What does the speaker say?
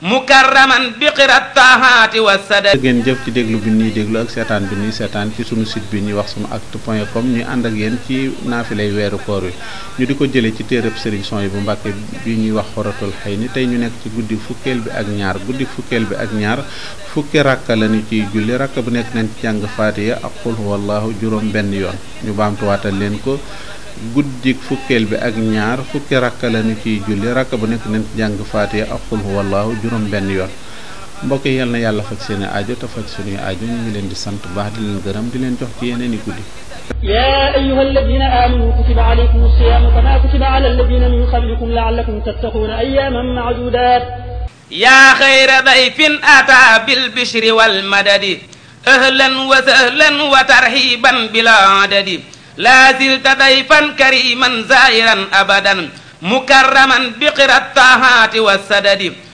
mukarraman bi qirat tahaati wa sada ngeen jëf ci déglu bi ñuy déglu ak seetaan bi ni seetaan ci sunu site bi ñuy wax sunu actu point com ñuy ànd ak yéen ci naafilay weeru koor wi ñu di ko jëlee ci téereb sëriñ son yi bu Mbàkke bi ñuy wax xoratul xëy ni tey ñu nekk ci guddi fukkeel bi ak ñaar guddi fukkeel bi ak ñaar fukki rakka lañu ciy julli rakka bu nekk nañ ci jàng faatiya ak xul wallahu juróom benn yoon ñu baamtuwaatal leen ko guddik fukkeel bi ak ñaar fukki rakka lañu ciy julli rakka bu nekk nañ ci jàng faatiha ak xul huwallaahu juróom benn yoon mbokk yi yal na yàlla faj seeni aajo te faj suñuy aajo ñu leen di sant baax di leen gërëm di leen jox ci yeneen i guddi yaa ayyuha alladina aamanu kutiba alaykum asiyaamu kama kutiba ala alladina min qablikum laallakum tattaquuna ayyaaman maadudaat yaa xayra dayfin ataa bil bishri wal madadi ahlan wa sahlan bila adadi laa zilta dayfan kariman zairan abadan mukarraman biqirat tahaati wa sadadi